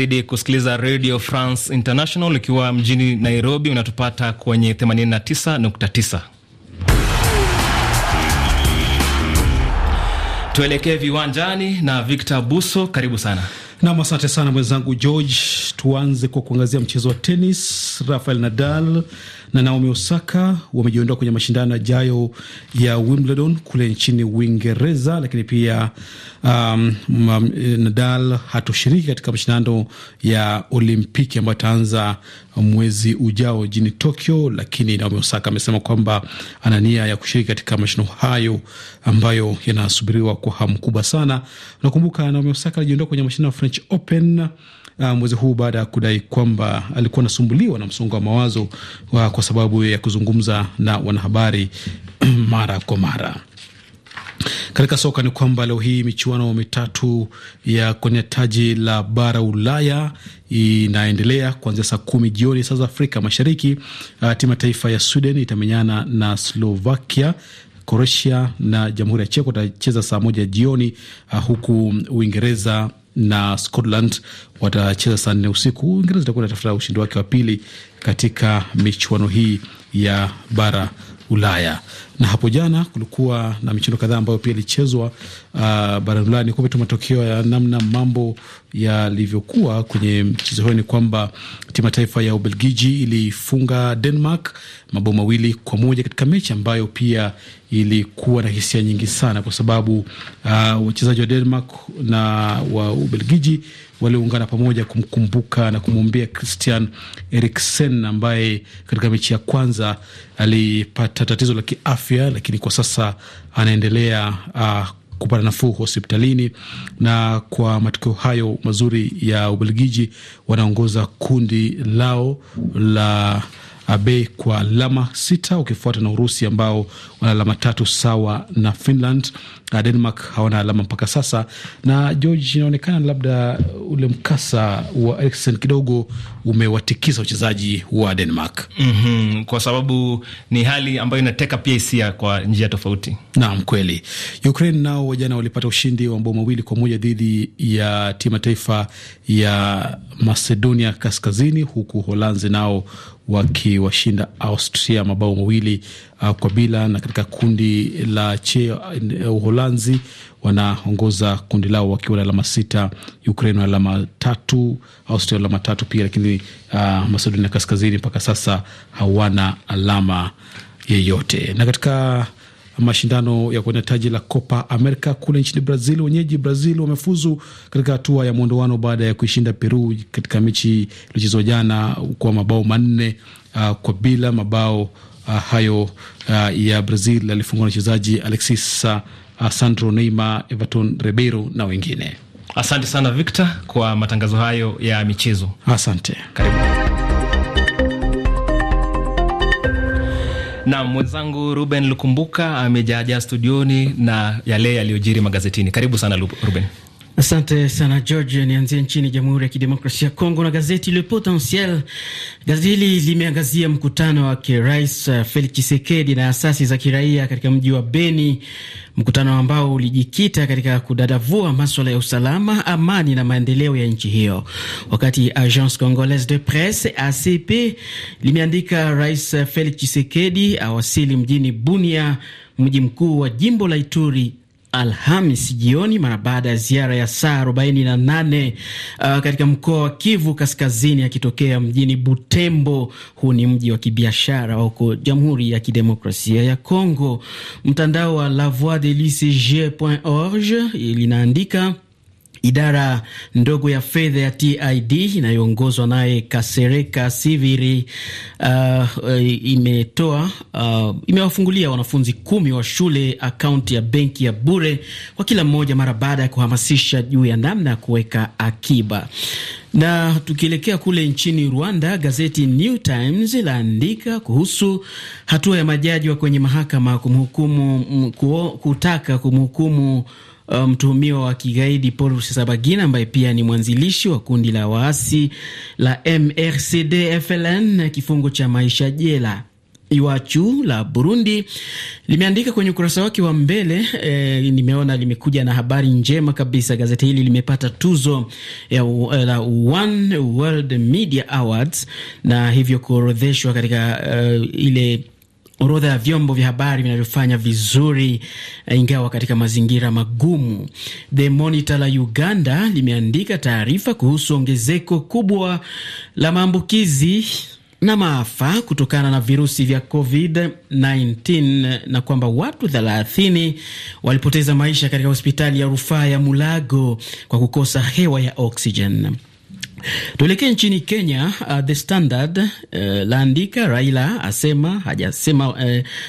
zidi kusikiliza Radio France International ukiwa mjini Nairobi, unatupata kwenye 89.9. Tuelekee viwanjani na Victor Buso, karibu sana. Nam, asante sana mwenzangu George. Tuanze kwa kuangazia mchezo wa tenis. Rafael Nadal na Naomi Osaka wamejiondoa kwenye mashindano yajayo ya Wimbledon kule nchini Uingereza, lakini pia um, um Nadal hatoshiriki katika mashindano ya Olimpiki ambayo ataanza mwezi ujao jini Tokyo, lakini Naomi Osaka amesema kwamba ana nia ya kushiriki katika mashindano hayo ambayo yanasubiriwa kwa hamu kubwa sana. Unakumbuka Naomi Osaka alijiondoa kwenye mashindano ya French Open uh, mwezi huu baada ya kudai kwamba alikuwa anasumbuliwa na msongo wa mawazo wa kwa sababu ya kuzungumza na wanahabari mara kwa mara. Katika soka ni kwamba leo hii michuano mitatu ya kwenye taji la bara Ulaya inaendelea kuanzia saa kumi jioni saa za Afrika Mashariki. Uh, timu ya taifa ya Sweden itamenyana na Slovakia. Kroatia na Jamhuri ya Cheko itacheza saa moja jioni, uh, huku Uingereza na Scotland watacheza saa nne usiku. Uingereza itakuwa inatafuta ushindi wake wa pili katika michuano hii ya bara Ulaya. Na hapo jana kulikuwa na michezo kadhaa ambayo pia ilichezwa uh, barani Ulaya. Ni kupe tu matokeo ya namna mambo yalivyokuwa kwenye mchezo huo ni kwamba timu ya taifa ya Ubelgiji ilifunga Denmark mabao mawili kwa moja katika mechi ambayo pia ilikuwa na hisia nyingi sana, kwa sababu uh, wachezaji wa Denmark na wa Ubelgiji walioungana pamoja kumkumbuka na kumwombea Christian Eriksen ambaye katika mechi ya kwanza alipata tatizo la kiafya, lakini kwa sasa anaendelea uh, kupata nafuu hospitalini. Na kwa matokeo hayo mazuri ya Ubelgiji, wanaongoza kundi lao la bei kwa alama sita, ukifuata na Urusi ambao wana alama tatu sawa na Finland. Denmark hawana alama mpaka sasa, na George, inaonekana labda ule mkasa wa Eriksen kidogo umewatikisa wachezaji wa Denmark. mm -hmm, kwa sababu ni hali ambayo inateka pia hisia kwa njia tofauti. Naam, kweli. Ukraine nao wajana walipata ushindi wa mabao mawili kwa moja dhidi ya timu taifa ya Macedonia Kaskazini, huku Holanzi nao wakiwashinda Austria mabao mawili uh, kwa bila, na katika kundi la che uh, Uholanzi wanaongoza kundi lao wakiwa na alama sita, Ukraine wana alama tatu, Austria alama tatu pia, lakini uh, Macedonia kaskazini mpaka sasa hawana alama yeyote. Na katika mashindano ya kuwania taji la Copa America kule nchini Brazil. Wenyeji Brazil wamefuzu katika hatua ya mwondoano baada ya kuishinda Peru katika mechi iliyochezwa jana kwa mabao manne uh, kwa bila. Mabao uh, hayo uh, ya Brazil yalifungwa na wachezaji Alexis uh, Sandro, Neymar, Everton Ribeiro na wengine. Asante sana Victor kwa matangazo hayo ya michezo. Asante, karibu. Na mwenzangu Ruben Lukumbuka amejaajaa studioni na yale yaliyojiri magazetini. Karibu sana Ruben. Asante sana George. Nianzie nchini Jamhuri ya Kidemokrasia ya Kongo na gazeti Le Potentiel. Gazeti hili limeangazia mkutano wa Rais uh, Felix chisekedi na asasi za kiraia katika mji wa Beni, mkutano ambao ulijikita katika kudadavua maswala ya usalama, amani na maendeleo ya nchi hiyo. Wakati Agence Congolaise de Presse ACP limeandika Rais uh, Felix chisekedi awasili mjini Bunia, mji mkuu wa jimbo la Ituri Alhamis jioni mara baada ya ziara ya saa 48 uh, katika mkoa wa Kivu Kaskazini akitokea mjini Butembo. Huu ni mji wa kibiashara wa huko Jamhuri ya Kidemokrasia ya Kongo. Mtandao wa lavoi de lcg org eh, linaandika Idara ndogo ya fedha ya TID inayoongozwa naye Kasereka Siviri uh, imetoa uh, imewafungulia wanafunzi kumi wa shule akaunti ya benki ya bure kwa kila mmoja mara baada ya kuhamasisha juu ya namna ya kuweka akiba. Na tukielekea kule nchini Rwanda, gazeti New Times laandika kuhusu hatua ya majaji wa kwenye mahakama kumhukumu, kutaka kumhukumu Uh, mtuhumiwa wa kigaidi Paul Rusesabagina ambaye pia ni mwanzilishi wa kundi la waasi la MRCD FLN kifungo cha maisha jela. Iwachu la Burundi limeandika kwenye ukurasa wake wa mbele e, nimeona limekuja na habari njema kabisa. Gazeti hili limepata tuzo ya eh, la One World Media Awards na hivyo kuorodheshwa katika uh, ile orodha ya vyombo vya habari vinavyofanya vizuri eh, ingawa katika mazingira magumu. The Monitor la Uganda limeandika taarifa kuhusu ongezeko kubwa la maambukizi na maafa kutokana na virusi vya COVID-19 na kwamba watu 30 walipoteza maisha katika hospitali ya rufaa ya Mulago kwa kukosa hewa ya oksijeni. Tuelekee nchini Kenya. Uh, The Standard uh, laandika Raila asema hajasema, uh,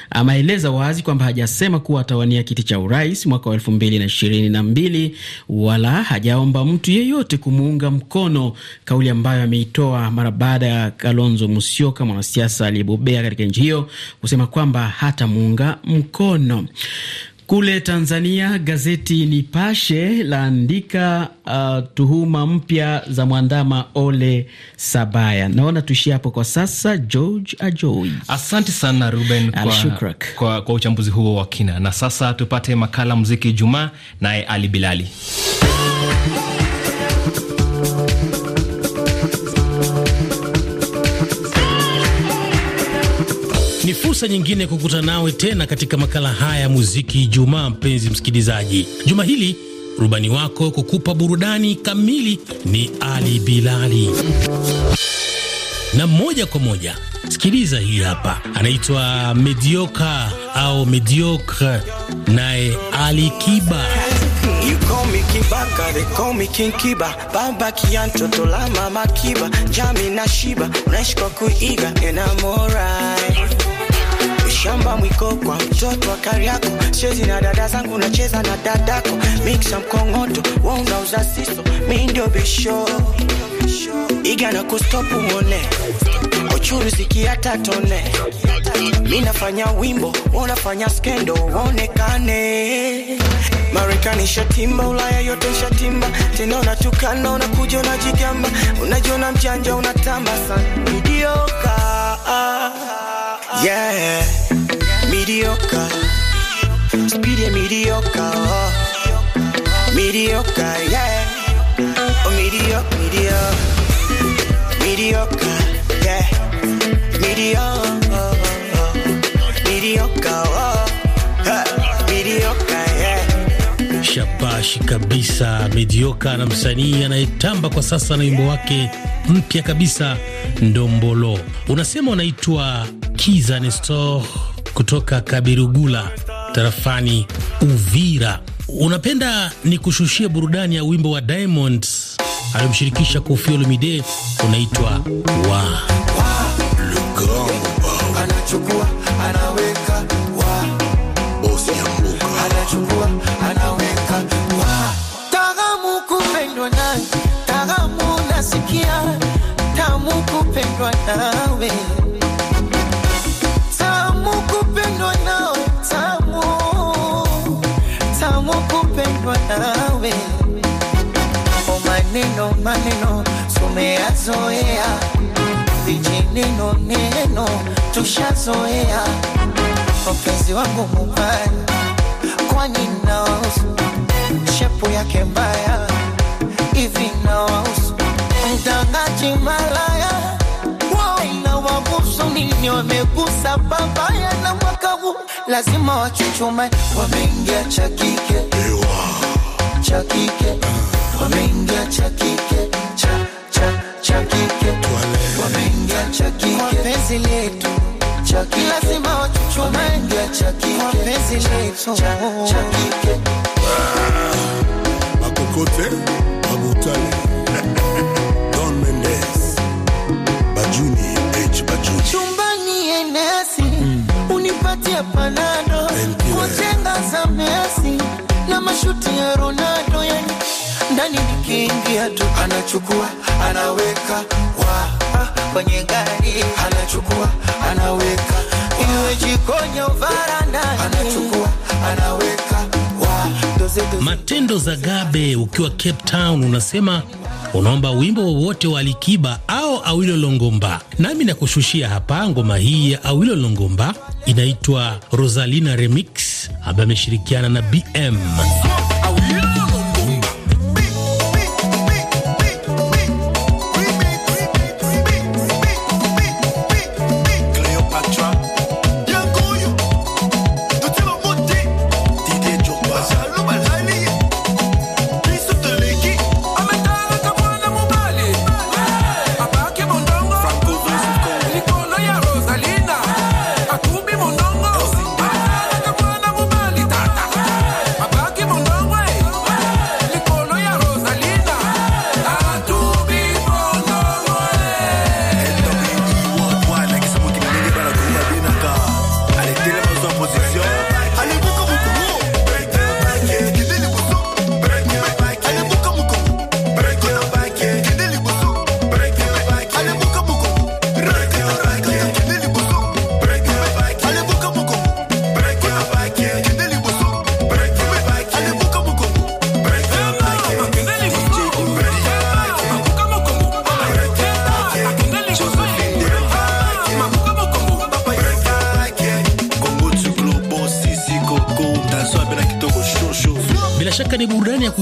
amaeleza wazi kwamba hajasema kuwa atawania kiti cha urais mwaka wa elfu mbili na ishirini na mbili wala hajaomba mtu yeyote kumuunga mkono, kauli ambayo ameitoa mara baada ya Kalonzo Musyoka, mwanasiasa aliyebobea katika nchi hiyo, kusema kwamba hatamuunga mkono. Kule Tanzania gazeti Nipashe laandika uh, tuhuma mpya za mwandama Ole Sabaya. Naona tuishie hapo kwa sasa. George Ajoi, asante sana Ruben kwa, kwa, kwa uchambuzi huo wa kina, na sasa tupate makala muziki Jumaa naye Ali Bilali fursa nyingine kukutana nawe tena katika makala haya ya muziki Ijumaa. Mpenzi msikilizaji, juma hili rubani wako kukupa burudani kamili ni Ali Bilali, na moja kwa moja sikiliza hii hapa, anaitwa Medioka au Mediocre, naye Ali Kiba. Kiba, they call me King Kiba. Baba mama Kiba, jami na shiba, unaishi kwa kuiga, and I'm alright shamba mwiko kwa mtoto wa Kariako, chezi na dada zangu nacheza na dadako, mixa mkongoto wonga uza siso, mi ndio bisho iga na kustopu uone ochuru zikiata tone, mi nafanya wimbo wanafanya skendo waonekane Marekani shatimba, Ulaya yote shatimba, tena unatukana, unakuja unajigamba, unajiona mjanja, unatamba sana idioka yeah mediocre, Speedy and mediocre, oh. mediocre, yeah, oh mediocre, mediocre, mediocre, yeah, mediocre, oh. Shabashi kabisa, medioka na msanii anayetamba kwa sasa na wimbo wake mpya kabisa Ndombolo, unasema unaitwa Kiza Nestor kutoka Kabirugula tarafani Uvira. Unapenda ni kushushia burudani ya wimbo wa Diamond aliyomshirikisha Koffi Olomide unaitwa wa nasikia, tamu kupendwa nawe kupendwa nawe. O maneno maneno tumeyazoea, vijineno neno tushazoea. Mpenzi wangu mubaya, kwani nawausu shepu yake mbaya hivi nawausu mtangaji malaya nini wamegusa babaya na mwaka huu lazima wachuchumae wameingia cha kike cha kike wameingia cha kike cha cha cha kike wameingia cha kike wapenzi letu cha kike lazima wachuchwa wameingia cha kike wapenzi letu cha kike ah, makokote magutani Don Mendes Bajuni H Bajuni chumbani enesi mm. unipatie panado eh. kujenga za mesi na mashuti ndani nikiingia tu anachukua anaweka wa ah, kwenye gari anachukua anaweka iwe jikoni au varandani anachukua anaweka wa doze, doze. Matendo za Gabe ukiwa Cape Town unasema unaomba wimbo wowote wa Alikiba au Awilo Longomba, nami nakushushia hapa ngoma hii ya Awilo Longomba inaitwa Rosalina Remix, ambaye ameshirikiana na BM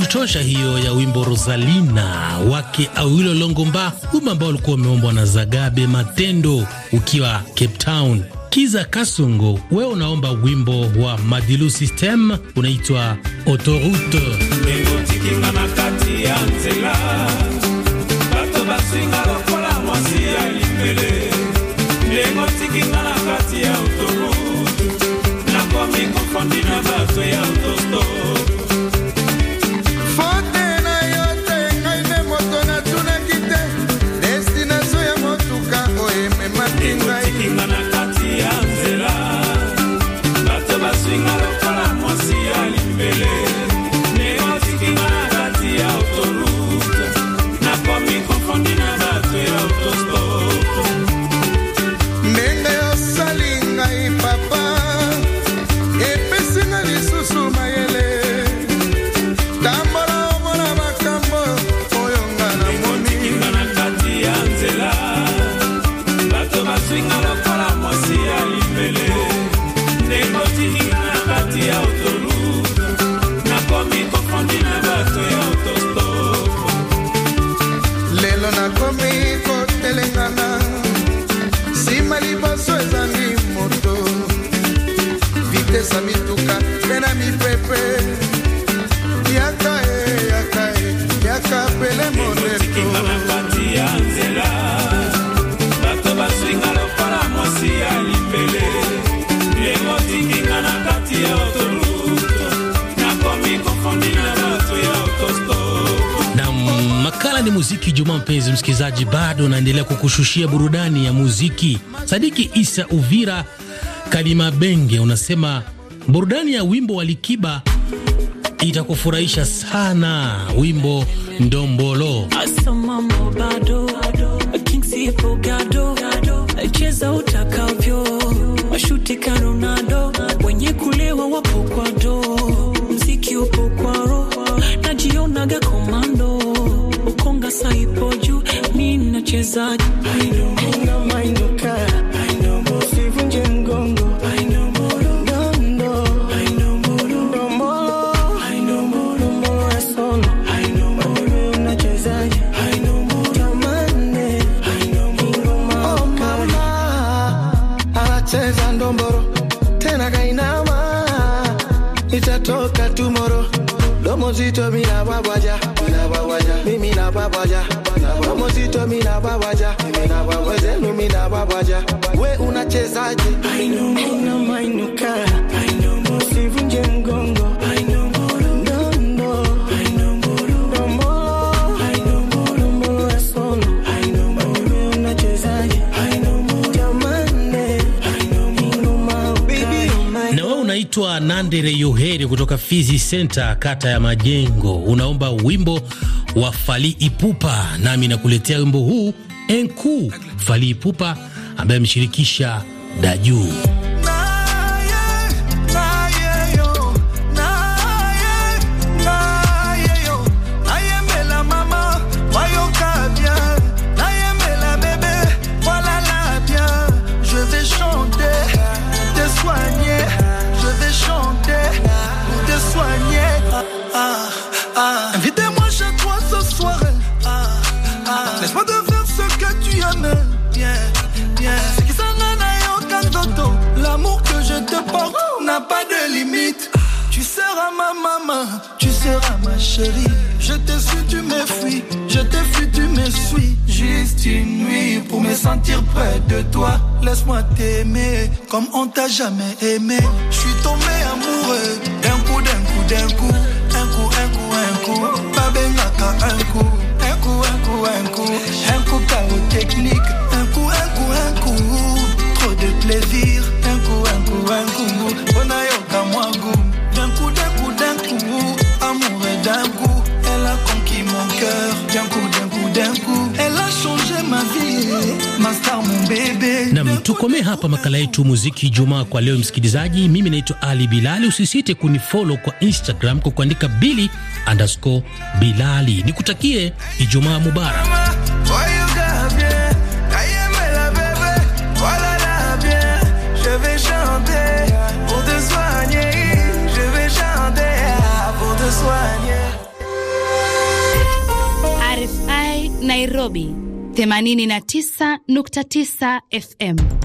kutosha hiyo ya wimbo Rosalina wake Awilo Longomba, wimbo ambao ulikuwa umeombwa na Zagabe Matendo ukiwa Cape Town. Kiza Kasongo, wewe unaomba wimbo wa Madilu System unaitwa Autoroute elenga na nsima liboso ezangi muziki Jumaa, mpenzi msikilizaji, bado unaendelea kukushushia burudani ya muziki. Sadiki Isa Uvira Kalima Benge unasema burudani ya wimbo wa Likiba itakufurahisha sana, wimbo Ndombolo. cheza utakavyo, mashuti mchezaji na mainuka mina babwaja babaja mimi na babaja wamozito mi na babaja na wawezenu mi na babaja we unachezaje ainumainuka Ainu, Unaitwa Nandere Yoheri kutoka Fizi Senta, kata ya Majengo. Unaomba wimbo wa Fali Ipupa, nami nakuletea wimbo huu Enku Fali Ipupa ambaye ameshirikisha Daju. tu aimes bien, bien. c'est L'amour que je te porte n'a pas de limite. Tu seras ma maman, tu seras ma chérie. Je te suis, tu me fuis, je te fuis, tu me suis. Juste une nuit pour me sentir près de toi. Laisse-moi t'aimer comme on t'a jamais aimé. Je suis tombé amoureux d'un coup, d'un coup, d'un coup, un coup, un coup, un coup. Pas un coup coup, un coup, un coup technique, un coup, un coup, un coup, trop de plaisir, un coup, un coup, un coup. Tunakomea hapa makala yetu muziki Ijumaa kwa leo, msikilizaji. Mimi naitwa Ali Bilali. Usisite kunifolo kwa Instagram kwa kuandika bili andasco bilali. Nikutakie Ijumaa mubarak. Nairobi 89.9 FM.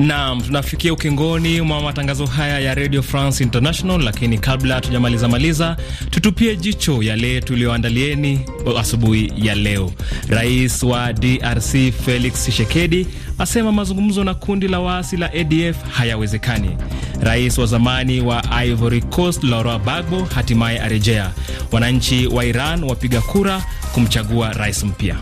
Naam, tunafikia ukingoni mwa matangazo haya ya Radio France International, lakini kabla tujamaliza maliza, tutupie jicho yale tuliyoandalieni asubuhi ya leo. Rais wa DRC Felix Tshisekedi asema mazungumzo na kundi la waasi la ADF hayawezekani. Rais wa zamani wa Ivory Coast Laurent Gbagbo hatimaye arejea. Wananchi wa Iran wapiga kura kumchagua rais mpya.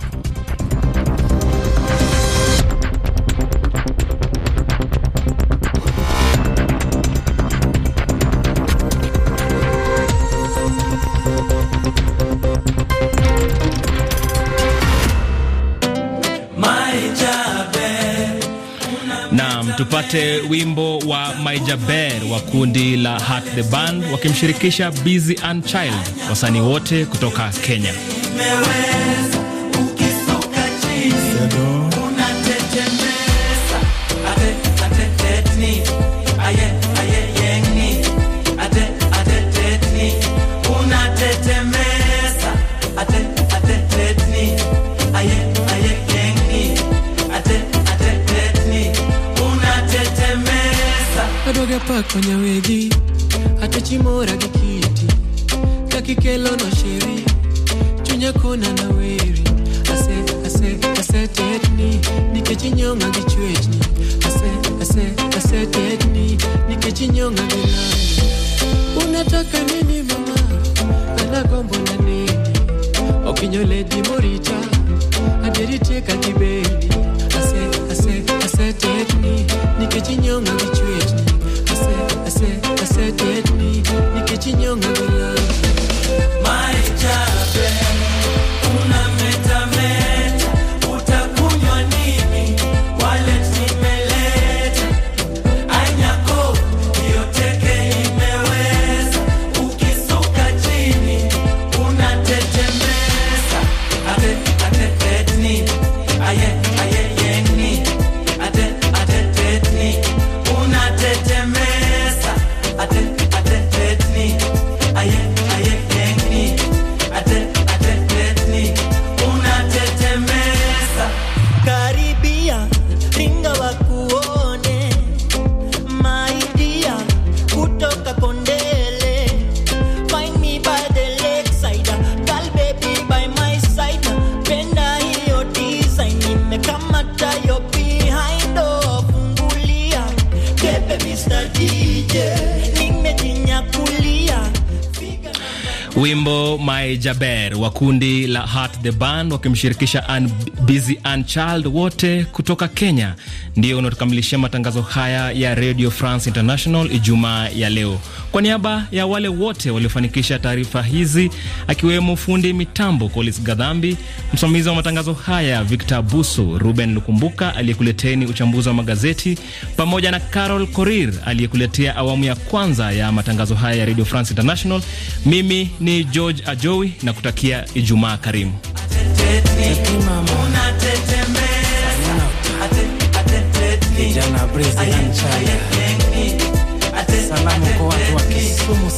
tupate wimbo wa Maijaber wa kundi la Hart the Band wakimshirikisha Busy and Child, wasanii wote kutoka Kenya. apako nyawedhi ata chimora gi kiti ka kikelono sheri chunya kona na weri ase ase asetetni nikech inyonga gi chwechni ase ase asetetni nikech inyonga gi lani unataka nini mama anagombona nini okinyoledhi morita aderitieka gi beni ase ase asetetni nikech inyonga gi chwechni said it Kai Jaber wa kundi la Heart the Band wakimshirikisha Busy unchild Child wote kutoka Kenya ndio unatukamilishia matangazo haya ya Radio France International Ijumaa ya leo. Kwa niaba ya wale wote waliofanikisha taarifa hizi, akiwemo fundi mitambo colis Gadhambi, msimamizi wa matangazo haya Victor Buso, Ruben Lukumbuka aliyekuleteni uchambuzi wa magazeti, pamoja na Carol Korir aliyekuletea awamu ya kwanza ya matangazo haya ya Radio France International. Mimi ni George Ajowi na kutakia Ijumaa karimu vijana Breezy na Salamu kwa watu wa Kisumu